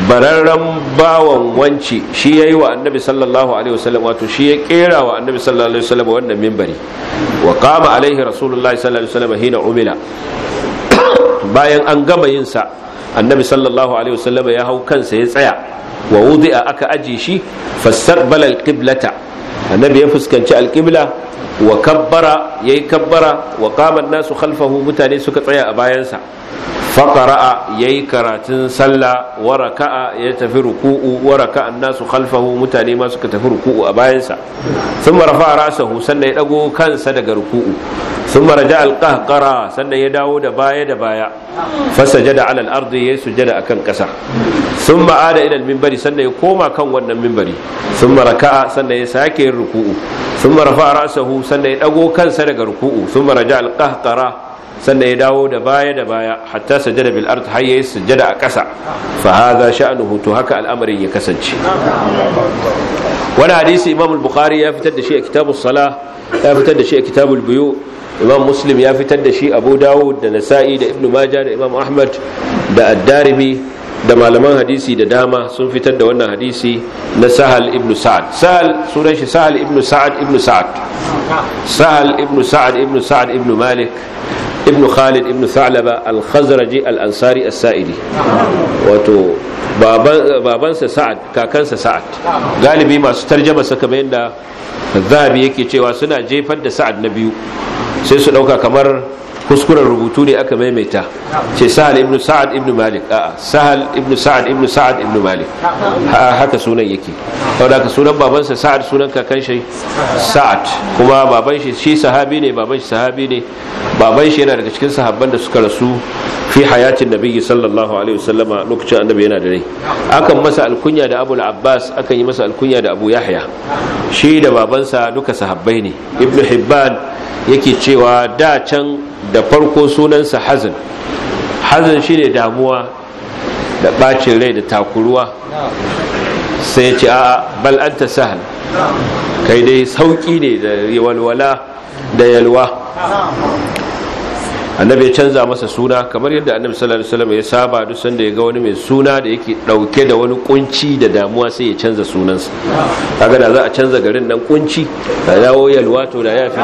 bararren bawan wanci shi ya yi wa annabi sallallahu alaihi wasallam wato shi ya kera wa annabi sallallahu alaihi wasallam wannan mimbari wa kama alaihi rasulullahi sallallahu alaihi wasallam hina umila bayan an gama yin sa annabi sallallahu alaihi wasallam ya hau kansa ya tsaya wa wudi'a aka aje shi fastaqbala alqiblata annabi ya fuskanci alƙibla wa kabbara ya yi kabbara wa kamar nasu khalfahu mutane suka tsaya a bayansa faƙara'a ya yi karatun sallah wa raka'a ya tafi ruku'u wa raka'an nasu khalfahu mutane ma suka tafi ruku'u a bayansa sun marafa rasahu sannan ya ɗago kansa daga ruku'u sun maraja alƙahƙara sannan ya dawo da baya da baya fasa jada alal ardi ya sujada a kan ƙasa sun ma'ada ilal mimbari sannan ya koma kan wannan mimbari sun maraka'a sannan ya sake yin ruku'u sun marafa ra'sahu sannan ya ɗago kansa daga ruku'u sun maraja alƙahƙara sannan ya dawo da baya da baya hatta sajada bil ard har yayi sujada a ƙasa fa hadha sha'nuhu to haka al'amarin ya kasance wani hadisi imam al-bukhari ya fitar da shi a kitabus sala ya fitar da shi a kitabul buyu imam muslim ya fitar da shi abu dawud da nasa'i da ibnu majah da imam ahmad da addarimi da malaman hadisi da dama sun fitar da wannan hadisi na sahal ibnu sa'ad sahal sunan shi sahal ibnu sa'ad ibnu sa'ad sahal ibnu sa'ad ibnu sa'ad ibnu malik ibnu khalid ibnu thalaba al-khazraji al-ansari as-sa'idi wato babansa sa'ad kakansa sa'ad galibi masu tarjama saka bayan da zabi yake cewa suna jefar da sa'ad na biyu sai su ɗauka kamar kuskuren rubutu ne aka maimaita ce sahal ibn sa'ad ibn malik a'a sahal ibn sa'ad ibn sa'ad ibn malik haka sunan yake saboda ka sunan babansa sa'ad sunan kakan shi sa'ad kuma baban shi shi sahabi ne baban shi sahabi ne baban shi yana daga cikin sahabban da suka rasu fi hayatin nabiyyi sallallahu alaihi wasallama lokacin annabi yana da rai akan masa alkunya da abul abbas akan yi masa alkunya da abu yahya shi da babansa duka sahabbai ne ibnu hibban yake cewa da can da farko sunansa hazan hazan shi ne damuwa da bacin rai da takuruwa sai ce a bal anta sahal kai dai sauki ne da walwala da yalwa annabi ya canza masa suna kamar yadda annabi sallallahu alaihi wasallam ya saba duk sanda ya ga wani mai suna da yake dauke da wani kunci da damuwa sai ya canza sunansa kaga da za a canza garin nan kunci da dawo yalwa to da yafi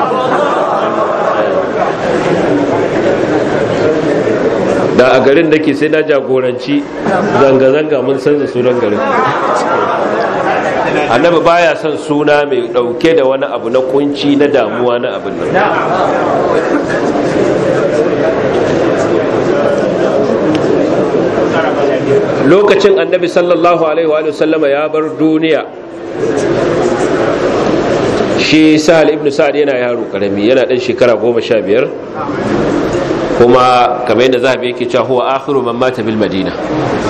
da a garin nake sai na jagoranci zanga-zanga mun canza sunan garin annabi baya son suna mai dauke da wani abu na kunci na damuwa na abin nan lokacin annabi sallallahu alaihi wa sallama ya bar duniya shi sahal ibn sa'ad yana yaro karami yana dan shekara goma sha biyar kuma kamar yadda zahabi yake cewa huwa akhiru man mata bil madina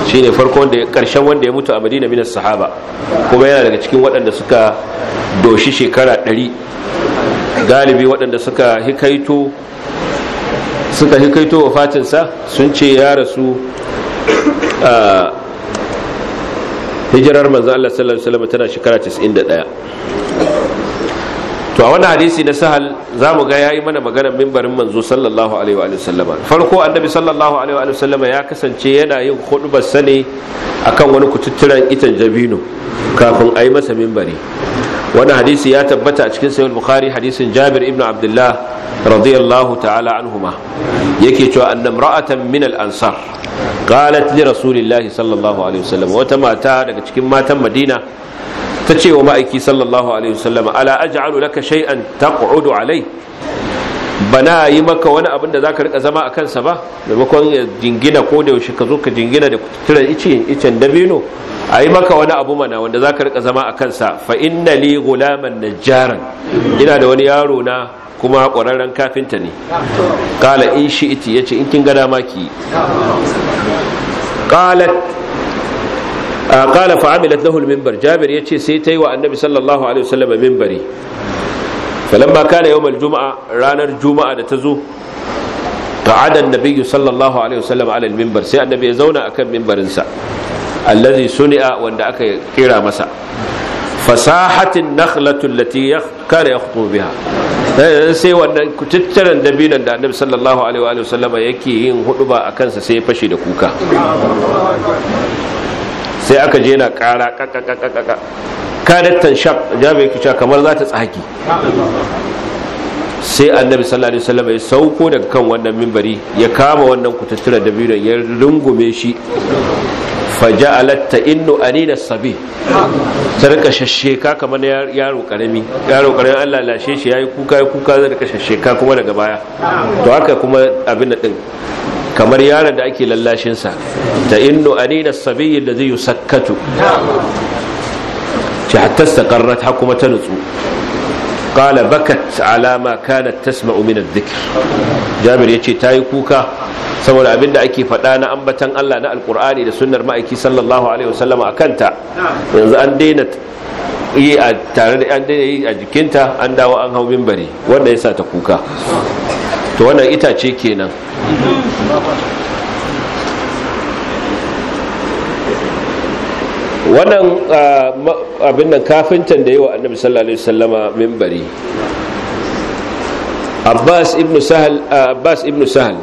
shine farko wanda karshen wanda ya mutu a madina minas sahaba kuma yana daga cikin waɗanda suka doshi shekara ɗari galibi waɗanda suka hikaito suka hikaito wafatinsa sun ce ya rasu hijirar manzo Allah sallallahu alaihi wasallam tana shekara 91 to a wannan hadisi na sahal za mu ga yayi mana maganar mimbarin manzo sallallahu alaihi wa sallama farko annabi sallallahu alaihi wa sallama ya kasance yana yin hudubar sane akan wani kututturan itan jabino kafin a yi masa mimbari wannan hadisi ya tabbata a cikin sahih bukhari hadisin jabir ibn abdullah radiyallahu ta'ala anhuma yake cewa annam ra'atan min al-ansar qalat li rasulillahi sallallahu alaihi wasallam wata mata daga cikin matan madina ta ce wa ma'aiki sallallahu alaihi wasallam ala aj'alu laka shay'an taq'udu alai bana yi maka wani abin da zaka rika zama a kansa ba maimakon jingina ko da yaushe ka zo ka jingina da kuturan ice icen dabino a yi maka wani abu mana wanda za ka rika zama a kansa fa inna li gulaman najjaran ina da wani yaro na kuma ƙwararren kafinta ne kala in shi iti ya ce in kin gada maki kala fa'amilat lahul mimbar jabir ya ce sai ta yi wa annabi sallallahu alaihi wasallam mimbari falamma kana yawmal juma'a ranar juma'a da ta zo ta'ada annabi sallallahu alaihi wasallam ala mimbar sai annabi ya zauna akan mimbarinsa allazi suni'a wanda aka kira masa fasahatin nakhlatu allati yakara yakhtu biha eh, sai wanda kutattaran dabinan da annabi sallallahu alaihi wa sallama yake yin huduba akan sa sai ya fashe da kuka sai aka je na kara kakakakaka kadattan shaq jabe kica kamar za ta tsaki sai annabi sallallahu alaihi wasallam ya sauko daga kan wannan mimbari ya kama wannan kututtura dabiran biyu ya rungume shi faja'alat innu anina sabi ta rika shasheka kamar yaro karami yaro karami Allah lashe shi yayi kuka yayi kuka zai rika shasheka kuma daga baya to haka kuma abin da din kamar yaron da ake lallashin sa innu anina sabi alladhi yusakkatu ta hatta istaqarrat ha kuma ta nutsu qala bakat ala ma kanat tasma'u min adh-dhikr jabir yace tayi kuka saboda abinda ake faɗa na ambatan Allah na alqur'ani da sunnar ma'aiki sallallahu alaihi wasallam akanta yanzu an daina yi a tare da an daina yi a jikinta an dawo an hau minbari wanda yasa ta kuka to wannan itace kenan wannan abin nan kafintan da yawa wa annabi sallallahu alaihi wasallama mimbari abbas ibn sahal abbas ibn sahal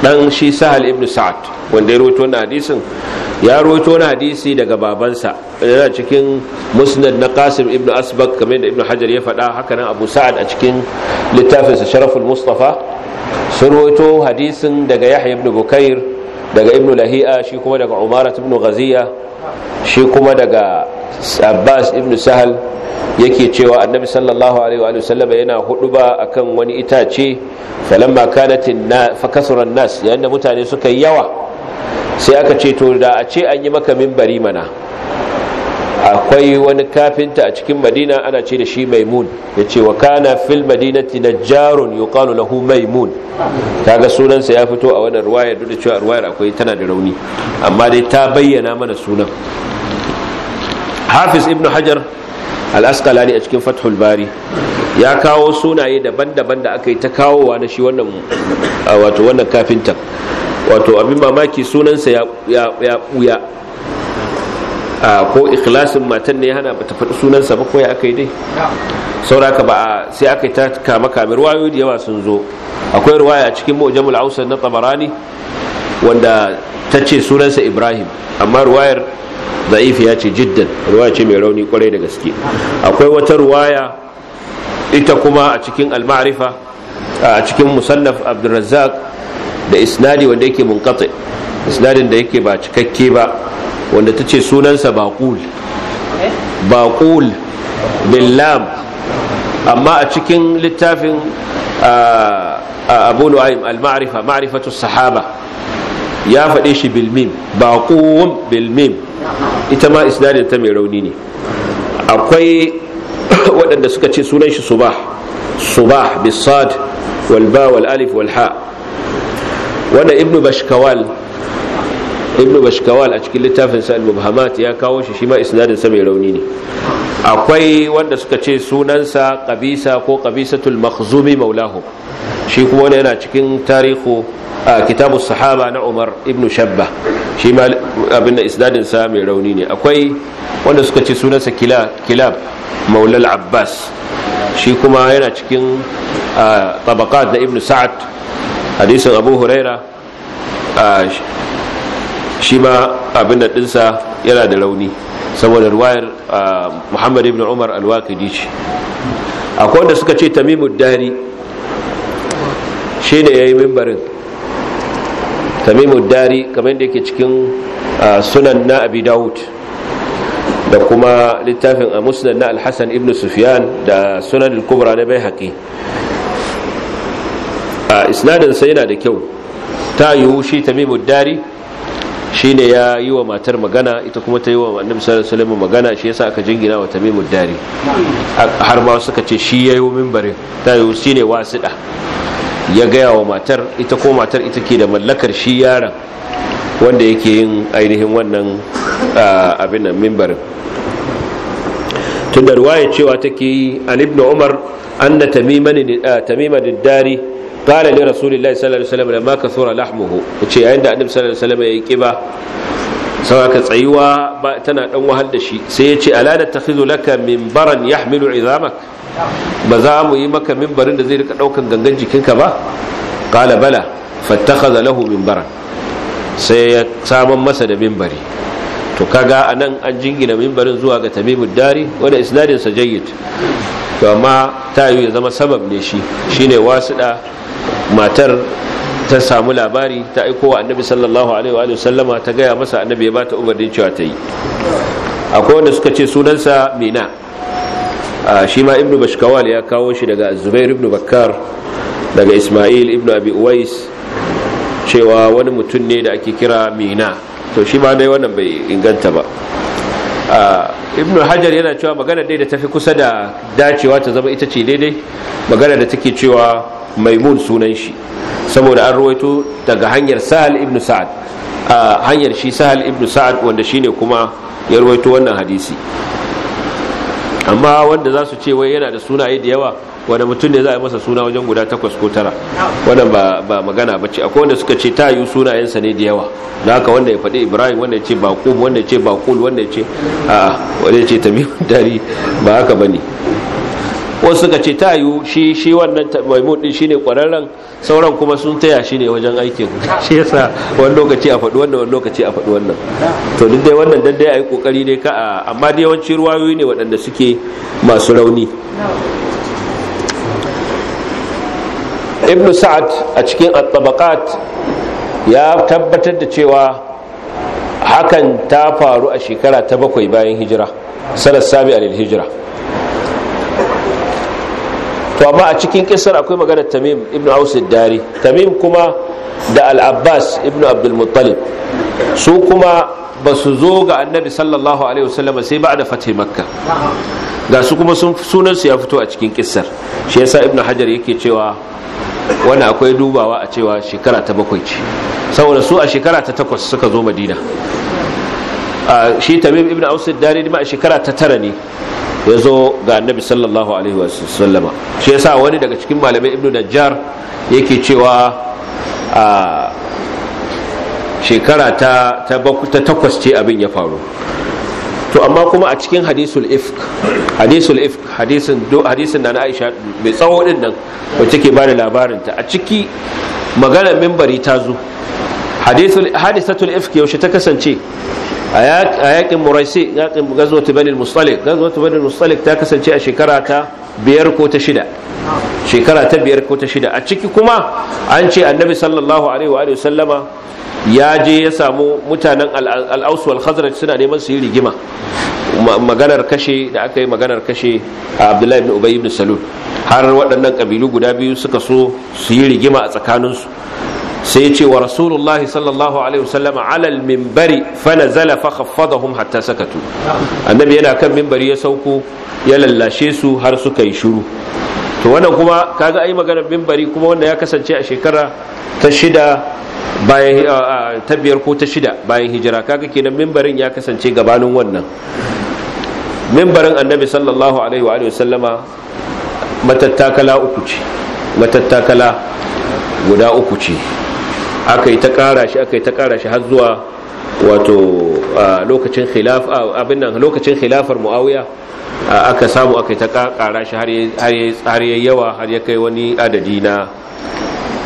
dan shi sahal ibn sa'ad wanda ya rawaito na hadisin ya rawaito na hadisi daga babansa yana cikin musnad na qasim ibn asbak kamar da ibn hajar ya faɗa haka nan abu sa'ad a cikin littafinsa sharaful mustafa sun rawaito hadisin daga yahya ibn bukair daga ibn lahi'a shi kuma daga umarat ibn ghaziya shi kuma daga abbas ibn sahal yake cewa annabi sallallahu alaihi wa sallam yana ba akan wani itace falamma na fa kasuran nas yayin da mutane suka yi yawa sai aka ce to da a ce an yi maka minbari mana akwai wani kafinta a cikin madina ana ce da shi maimun ya ce wa kana fil madinati najjarun yuqalu lahu maimun kaga sunansa ya fito a wannan ruwaya duk da cewa ruwayar akwai tana da rauni amma dai ta bayyana mana sunan hafiz ibnu hajar al-asqalani a cikin fathul bari ya kawo sunaye daban-daban da aka yi ta kawowa na shi wannan wato wannan kafinta wato abin mamaki sunansa ya ya ko ikhlasin matan ne hana bata faɗi sunansa ba ko ya aka yi dai sauraka ba sai aka yi ta kama kame ruwayo da yawa sun zo akwai ruwaya cikin mu'jamul na tabarani wanda ta ce sunansa ibrahim amma ruwayar za'ifi ya ce jiddan ruwaya ce mai rauni kwarai da gaske akwai wata ruwaya ita kuma a cikin al-ma'rifa a cikin musannaf abdurrazzaq da isnadi wanda yake munqati isnadin da yake ba cikakke ba wanda ta ce sunansa baƙul baƙul billam amma a cikin littafin abu nu'aym al-ma'rifa ma'rifatu sahaba ya faɗe shi bilmim baqum bilmim ita ma isnadin ta mai rauni ne akwai waɗanda suka ce sunan shi subah subah bisad wal ba alif wal ha wanda ibnu bashkawal ibnu bashkawal a cikin littafin sa al-mubhamat ya kawo shi shi ma isnadin sa mai rauni ne akwai wanda suka ce sunansa qabisa ko qabisatul makhzumi maulahu shi kuma wanda yana cikin tarihu kitabu sahaba na umar ibnu shabba shi ma abin da isnadin sa mai rauni ne akwai wanda suka ce sunansa kilab maulal abbas shi kuma yana cikin tabaqat na ibnu sa'ad hadisin abu huraira shi ma abin da dinsa yana da rauni saboda ruwayar ah, muhammad ibn umar alwaqidi ce akwai wanda suka ce tamimu dari shi ne ya yi mimbarin tamimu dari kamar da yake cikin ah, sunan na abi dawud da kuma littafin a musnad na alhassan ibn sufyan da sunan al-kubra na bai haƙi a ah, isnadinsa yana da kyau ta yiwu shi tamimu dari Shi ne ya yi wa matar magana ita kuma ta yi wa annabi sallallahu alaihi magana shi yasa aka jingina wa tamimu dari har ma suka ce shi yayo minbarin ta yi shine wasida ya gaya wa matar ita ko matar ita ke da mallakar shi yaran wanda yake yin ainihin wannan abin nan mimbarin tun da ruwaya cewa take yi an ibn umar anna tamiman dari qala li rasulillahi sallallahu alaihi wasallam lamma kathura lahmuhu ce yayin da annabi sallallahu alaihi wasallam ya yi kiba sauka tsayuwa tana ɗan wahal da shi sai ya ce ala da takhizu laka minbaran yahmilu izamak ba za mu yi maka minbarin da zai rika daukan gangan jikinka ba qala bala fattakhadha lahu minbaran sai ya saman masa da minbari to kaga nan an jingina mimbarin zuwa ga tamimud dari wanda isnadin sa jayyid to amma ta yi zama sabab ne shi shine wasuda matar ta samu labari ta aiko wa annabi sallallahu alaihi wa sallama ta gaya masa annabi ya bata umarnin cewa ta yi akwai wanda suka ce sunansa mina shi ma ibnu bashkawal ya kawo shi daga zubair ibnu bakkar daga isma'il ibnu abi uwais cewa wani mutum ne da ake kira mina to shi ma dai wannan bai inganta ba ibn hajar yana cewa magana dai da tafi kusa da dacewa ta zama ita ce daidai magana da take cewa maimun sunan shi saboda an ruwaito daga hanyar sahal ibn sa'ad hanyar shi sahal ibn sa'ad wanda shine kuma ya ruwaito wannan hadisi amma wanda za su ce wai yana da sunaye da yawa wanda mutum ne za a masa suna wajen guda takwas ko tara wannan ba magana ba ce akwai wanda suka ce ta yi sunayensa ne da yawa da haka wanda ya faɗi ibrahim wanda ya ce baƙum wanda ya ce bakul wanda ya ce a'a wanda ya ce tamihun dari ba haka ba ne wasu suka ce ta yi shi wannan maimun din shine kwararren sauran kuma sun taya shi ne wajen aikin shi yasa wani lokaci a faɗi wannan wani lokaci a faɗi wannan to duk dai wannan dan dai a yi kokari ne ka amma dai yawanci ruwayoyi ne waɗanda suke masu rauni ibnu sa'ad a cikin at-tabaqat ya tabbatar da cewa hakan ta faru a shekara ta bakwai bayan hijira sanar sabi alil hijira to amma a cikin kisar akwai maganar tamim ibn aus dari tamim kuma da al-abbas ibn abdul su kuma ba su zo ga annabi sallallahu alaihi wasallam sai ba da fatih makka ga su kuma sunan su ya fito a cikin kisar shi yasa ibn hajar yake cewa wani akwai dubawa a cewa shekara ta bakwai ce saboda su a shekara ta takwas suka zo madina shi tamim ibn aus dari ma a shekara ta tara ne ya zo ga annabi sallallahu alaihi wasallama shi yasa wani daga cikin malamai ibnu najjar yake cewa a shekara ta takwas ce abin ya faru to amma kuma a cikin hadisul ifk hadisul ifk hadisin hadisin na Aisha mai tsawo din nan wacce ke bada labarin ta a ciki maganar mimbari ta zo hadisatul ifki yaushe ta kasance a yakin muraisi yakin ta bani mustalik ta bani mustalik ta kasance a shekara ta biyar ko ta shida shekara ta biyar ko ta shida a ciki kuma an ce annabi sallallahu alaihi wa sallama ya je ya samu mutanen al'ausu wal khazraj suna neman su yi rigima maganar kashe da aka yi maganar kashe a abdullahi ibn ubay ibn salul har waɗannan kabilu guda biyu suka so su yi rigima a tsakaninsu sai ce wa rasulullahi sallallahu alaihi wasallam alal mimbari fanazala fa khaffadahum hatta sakatu annabi yana kan mimbari ya sauko ya lallashe su har suka yi shiru to wannan kuma kaga ai maganar mimbari kuma wanda ya kasance a shekara ta shida bayan ta biyar ko ta shida bayan hijira kaga kenan mimbarin ya kasance gabanin wannan minbarin annabi sallallahu alaihi wa sallama matattakala uku ce matattakala guda uku ce aka yi ta ƙara shi aka yi ta ƙara shi har zuwa wato lokacin khilaf abin nan lokacin khilafar muawiya aka samu aka yi ta ƙara shi har ya yawa har ya kai wani adadi na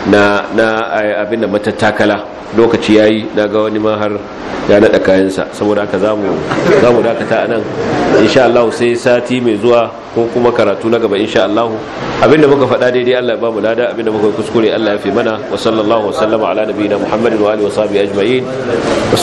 na na eh, abin da matattakala lokaci yayi ga wani ma har ya nada kayansa saboda haka zamu zamu dakata anan insha Allah sai sati mai zuwa ko kuma karatu na gaba insha Allah abinda muka faɗa daidai Allah ya ba mu lada abinda muka kuskure Allah ya fi mana wa sallallahu wa sallama ala nabiyina Muhammadin wa alihi wa sahbihi ajma'in